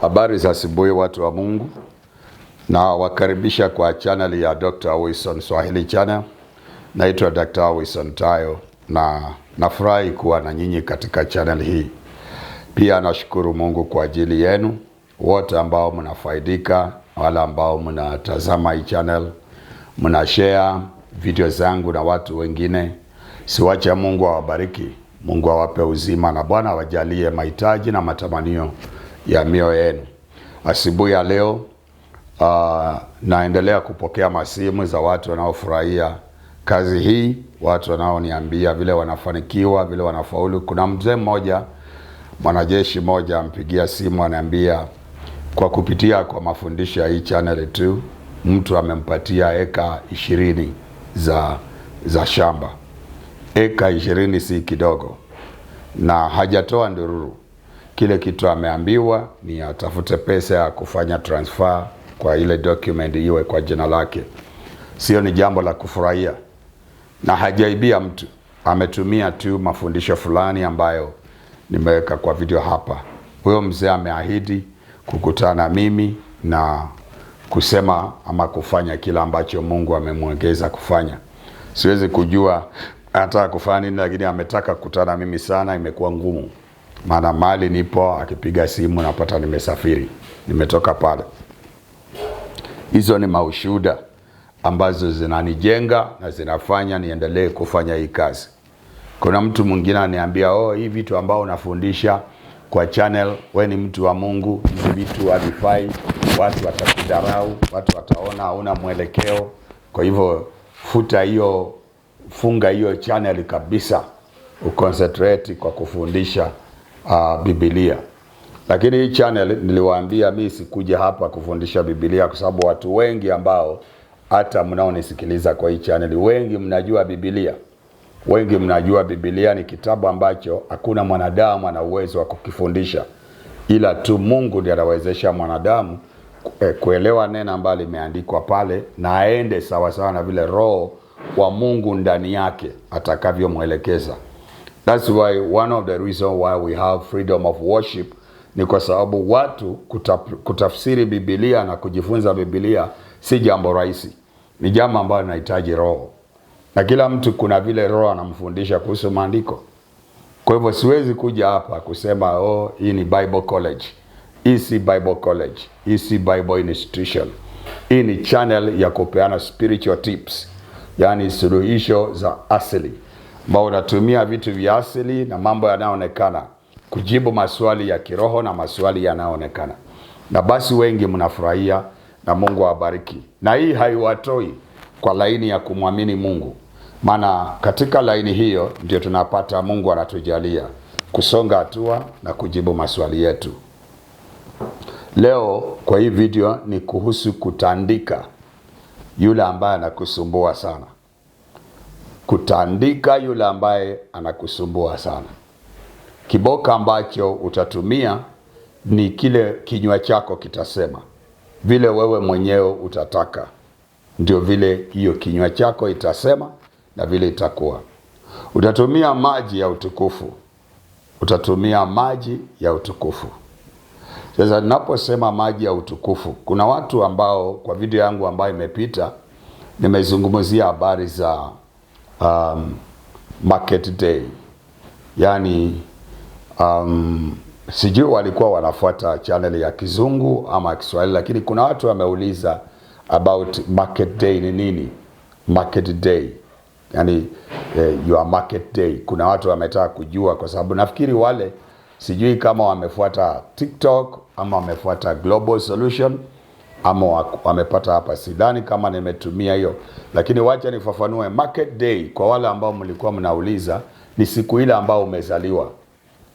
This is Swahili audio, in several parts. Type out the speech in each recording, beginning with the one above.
Habari za asubuhi watu wa Mungu, nawakaribisha kwa chaneli ya Dr. Wilson Swahili Channel. Naitwa Dr. Wilson Tayo na nafurahi kuwa na nyinyi katika chaneli hii. Pia nashukuru Mungu kwa ajili yenu wote ambao mnafaidika, wale ambao mnatazama hii channel, mna share video zangu na watu wengine. Siwacha Mungu awabariki. Mungu awape uzima na Bwana awajalie mahitaji na matamanio ya mioyo yenu. Asubuhi ya leo uh, naendelea kupokea masimu za watu wanaofurahia kazi hii, watu wanaoniambia vile wanafanikiwa, vile wanafaulu. Kuna mzee mmoja, mwanajeshi mmoja, ampigia simu anaambia kwa kupitia kwa mafundisho ya hii channel tu mtu amempatia eka ishirini za za shamba eka ishirini si kidogo, na hajatoa ndururu. Kile kitu ameambiwa ni atafute pesa ya kufanya transfer kwa ile document iwe kwa jina lake. Sio ni jambo la kufurahia, na hajaibia mtu, ametumia tu mafundisho fulani ambayo nimeweka kwa video hapa. Huyo mzee ameahidi kukutana mimi na kusema ama kufanya kila ambacho Mungu amemwongeza kufanya. Siwezi kujua hata kufanya nini, lakini ametaka kukutana mimi sana, imekuwa ngumu, maana mali nipo, akipiga simu napata nimesafiri, nimetoka pale. Hizo ni maushuda ambazo zinanijenga na zinafanya niendelee kufanya hii kazi. Kuna mtu mwingine ananiambia, oh, hii vitu ambao unafundisha kwa channel, we ni mtu wa Mungu, hivi vitu havifai, watu watakudharau, watu wataona hauna mwelekeo, kwa hivyo futa hiyo funga hiyo channel kabisa, uconcentrate kwa kufundisha uh, Biblia. Lakini hii channel niliwaambia mimi sikuja hapa kufundisha Biblia kwa sababu watu wengi ambao hata mnaonisikiliza kwa hii channel wengi mnajua Biblia. Wengi mnajua Biblia ni kitabu ambacho hakuna mwanadamu ana uwezo wa kukifundisha, ila tu Mungu ndiye anawezesha mwanadamu eh, kuelewa neno ambalo limeandikwa pale na aende sawasawa na vile Roho wa Mungu ndani yake atakavyomwelekeza. That's why one of the reason why we have freedom of worship ni kwa sababu watu kutap, kutafsiri Biblia na kujifunza Biblia si jambo rahisi, ni jambo ambalo linahitaji roho, na kila mtu kuna vile roho anamfundisha kuhusu maandiko. Kwa hivyo siwezi kuja hapa kusema oh, hii ni Bible College. Hii si Bible College, hii si Bible Institution. Hii ni channel ya kupeana spiritual tips yani suluhisho za asili, ambao unatumia vitu vya asili na mambo yanayoonekana kujibu maswali ya kiroho na maswali yanayoonekana, na basi wengi mnafurahia na Mungu awabariki. Na hii haiwatoi kwa laini ya kumwamini Mungu, maana katika laini hiyo ndio tunapata Mungu anatujalia kusonga hatua na kujibu maswali yetu. Leo kwa hii video ni kuhusu kutandika yule ambaye anakusumbua sana, kutandika yule ambaye anakusumbua sana. Kiboko ambacho utatumia ni kile kinywa chako kitasema, vile wewe mwenyewe utataka, ndio vile hiyo kinywa chako itasema na vile itakuwa. Utatumia maji ya utukufu, utatumia maji ya utukufu. Sasa ninaposema maji ya utukufu, kuna watu ambao kwa video yangu ambayo imepita nimezungumzia habari za um, market day, yaani um, sijui walikuwa wanafuata channel ya kizungu ama Kiswahili, lakini kuna watu wameuliza about market day ni nini. Market day yani, eh, your market day. Kuna watu wametaka kujua, kwa sababu nafikiri wale Sijui kama wamefuata TikTok ama wamefuata Global Solution ama wamepata hapa, sidhani kama nimetumia hiyo, lakini wacha nifafanue. Market day kwa wale ambao mlikuwa mnauliza, ni siku ile ambao umezaliwa,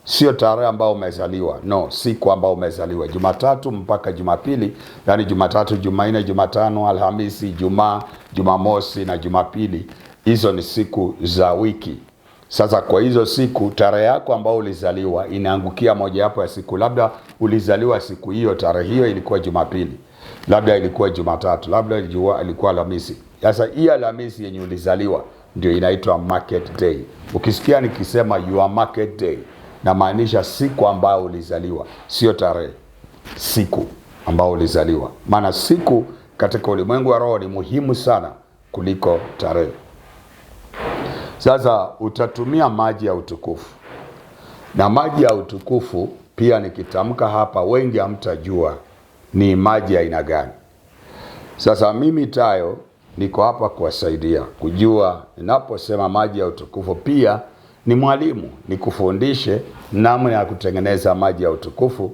sio tarehe ambao umezaliwa, no, siku ambao umezaliwa, Jumatatu mpaka Jumapili, yani Jumatatu, Jumanne, Jumatano, Alhamisi, jumaa Jumamosi na Jumapili. Hizo ni siku za wiki. Sasa kwa hizo siku tarehe yako ambayo ulizaliwa inaangukia mojawapo ya siku, labda ulizaliwa siku hiyo, tarehe hiyo ilikuwa Jumapili, labda ilikuwa Jumatatu, labda ilikuwa Alhamisi. Sasa hii Alhamisi yenye ulizaliwa ndio inaitwa market day. Ukisikia nikisema your market day, namaanisha siku ambayo ulizaliwa, sio tarehe, siku ambayo ulizaliwa, maana siku katika ulimwengu wa roho ni muhimu sana kuliko tarehe. Sasa utatumia maji ya utukufu, na maji ya utukufu pia nikitamka hapa, wengi hamtajua ni maji aina gani. Sasa mimi Tayo niko hapa kuwasaidia kujua. Ninaposema maji ya utukufu, pia ni mwalimu, nikufundishe namna ya kutengeneza maji ya utukufu.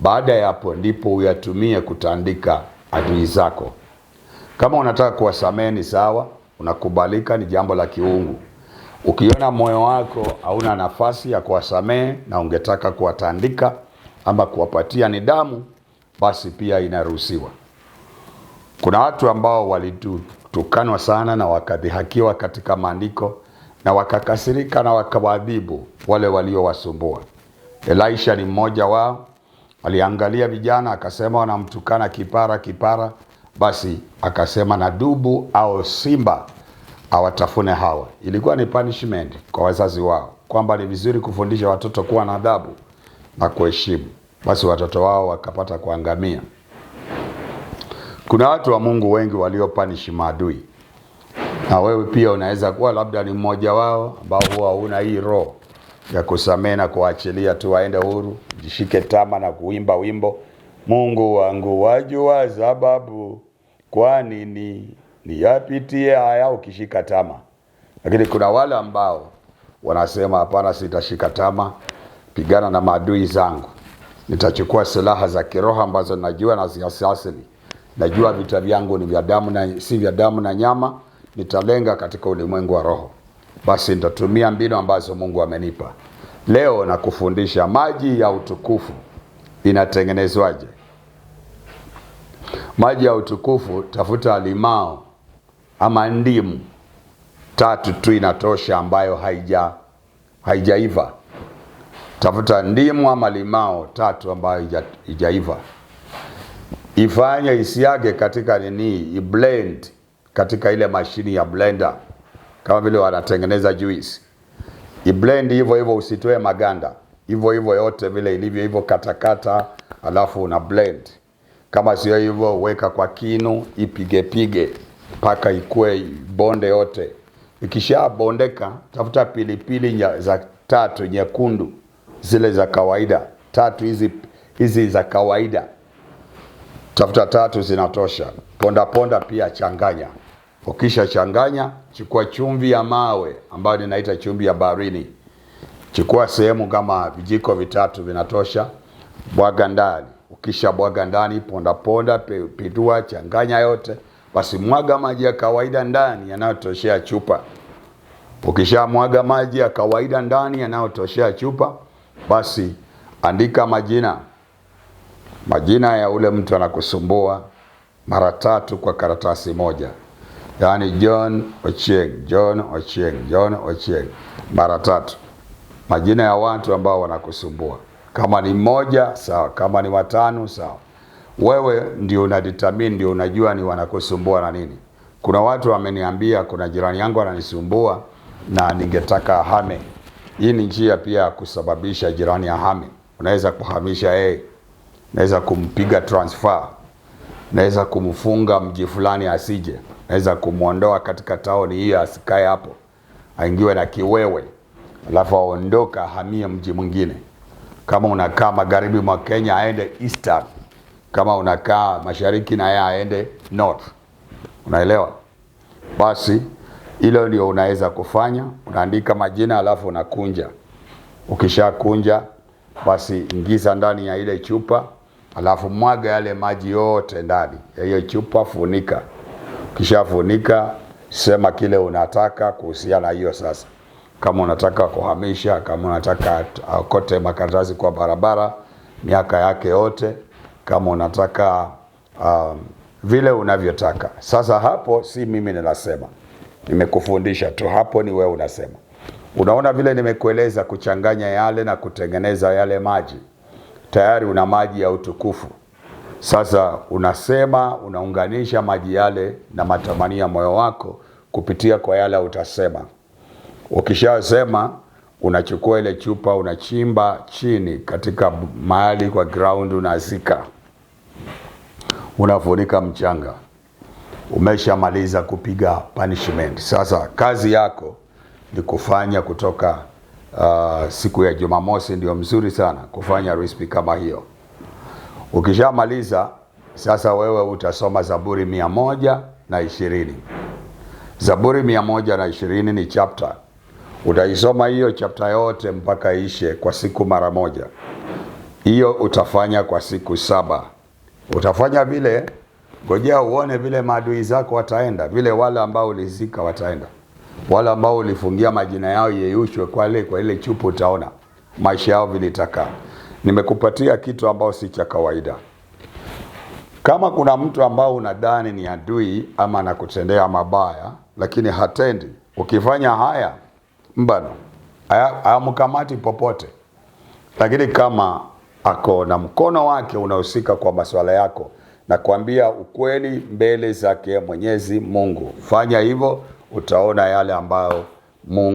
Baada ya hapo, ndipo uyatumie kutandika adui zako. Kama unataka kuwasameni, sawa, unakubalika, ni jambo la kiungu. Ukiona moyo wako hauna nafasi ya kuwasamehe na ungetaka kuwatandika ama kuwapatia nidhamu, basi pia inaruhusiwa. Kuna watu ambao walitukanwa sana na wakadhihakiwa katika maandiko na wakakasirika na wakawaadhibu wale waliowasumbua. Elisha ni mmoja wao. Aliangalia vijana akasema wanamtukana kipara kipara, basi akasema na dubu au simba awatafune hawa. Ilikuwa ni punishment kwa wazazi wao kwamba ni vizuri kufundisha watoto kuwa na adabu na kuheshimu. Basi watoto wao wakapata kuangamia. Kuna watu wa Mungu wengi waliopanishi maadui, na wewe pia unaweza kuwa labda ni mmoja wao ambao huwa una hii roho ya kusamehe na kuachilia tu waende huru. Jishike tama na kuimba wimbo, Mungu wangu wajua sababu kwa nini niyapitie haya ukishika tama. Lakini kuna wale ambao wanasema hapana, sitashika tama, pigana na maadui zangu, nitachukua silaha za kiroho ambazo najua na ziasasili, najua vita vyangu ni vya damu na si vya damu na nyama, nitalenga katika ulimwengu wa roho. Basi nitatumia mbinu ambazo Mungu amenipa. Leo nakufundisha maji ya utukufu inatengenezwaje. Maji ya utukufu, tafuta limao ama ndimu tatu tu inatosha, ambayo haija haijaiva. Tafuta ndimu ama limao tatu ambayo haijaiva, ifanye isiage katika nini, iblend katika ile mashini ya blender, kama vile wanatengeneza juice. Iblend hivyo hivyo, usitoe maganda, hivyo hivyo yote vile ilivyo hivyo, katakata, alafu una blend. Kama sio hivyo, weka kwa kinu, ipigepige mpaka ikue bonde yote. Ikishabondeka tafuta pilipili nya, za tatu nyekundu, zile za kawaida tatu hizi hizi za kawaida, tafuta tatu zinatosha. Ponda ponda pia changanya. Ukisha changanya, chukua chumvi ya mawe ambayo ninaita chumvi ya baharini. Chukua sehemu kama vijiko vitatu vinatosha, bwaga ndani. Ukisha bwaga ndani, ponda ponda, pindua, changanya yote basi mwaga maji ya kawaida ndani yanayotoshea chupa. ukisha mwaga maji ya kawaida ndani yanayotoshea chupa, basi andika majina majina ya ule mtu anakusumbua mara tatu kwa karatasi moja, yaani John Ochieng, John Ochieng, John Ochieng mara tatu, majina ya watu ambao wanakusumbua. Kama ni mmoja sawa, kama ni watano sawa wewe ndio unadetermine, ndio unajua ni wanakusumbua na nini. Kuna watu wameniambia, kuna jirani yangu ananisumbua na ningetaka ahame. Hii ni njia pia ya kusababisha jirani ahame. Unaweza kuhamisha yeye, naweza kumpiga transfer, naweza kumfunga mji fulani asije, naweza kumwondoa katika taoni hiyo, asikae hapo, aingiwe na kiwewe, alafu aondoka, ahamie mji mwingine. Kama unakaa magharibi mwa Kenya, aende eastern kama unakaa mashariki na yeye aende north, unaelewa? Basi hilo ndio unaweza kufanya, unaandika majina alafu unakunja. Ukishakunja basi ingiza ndani ya ile chupa, alafu mwaga yale maji yote ndani ya hiyo chupa, funika. Ukishafunika sema kile unataka kuhusiana hiyo sasa kama unataka kuhamisha, kama unataka akote makaratasi kwa barabara, miaka yake yote kama unataka um, vile unavyotaka. Sasa hapo si mimi ninasema, nimekufundisha tu, hapo ni wewe unasema. Unaona vile nimekueleza kuchanganya yale na kutengeneza yale maji, tayari una maji ya utukufu. Sasa unasema unaunganisha maji yale na matamanio ya moyo wako kupitia kwa yale utasema. Ukishasema unachukua ile chupa unachimba chini katika mahali kwa ground, unazika, unafunika mchanga. Umeshamaliza kupiga punishment. Sasa kazi yako ni kufanya kutoka uh, siku ya Jumamosi ndio mzuri sana kufanya recipe kama hiyo. Ukishamaliza sasa, wewe utasoma Zaburi mia moja na ishirini. Zaburi mia moja na ishirini ni chapter Utaisoma hiyo chapta yote mpaka ishe kwa siku mara moja. Hiyo utafanya kwa siku saba. Utafanya vile, ngojea uone vile maadui zako wataenda, vile wale ambao ulizika wataenda, wale ambao ulifungia majina yao yeyushwe kwa ile kwa ile chupu, utaona maisha yao vilitaka. Nimekupatia kitu ambao si cha kawaida. Kama kuna mtu ambao unadhani ni adui ama anakutendea mabaya, lakini hatendi, ukifanya haya mbano hayamkamati popote, lakini kama ako na mkono wake unahusika kwa masuala yako, na kuambia ukweli mbele zake Mwenyezi Mungu, fanya hivyo, utaona yale ambayo Mungu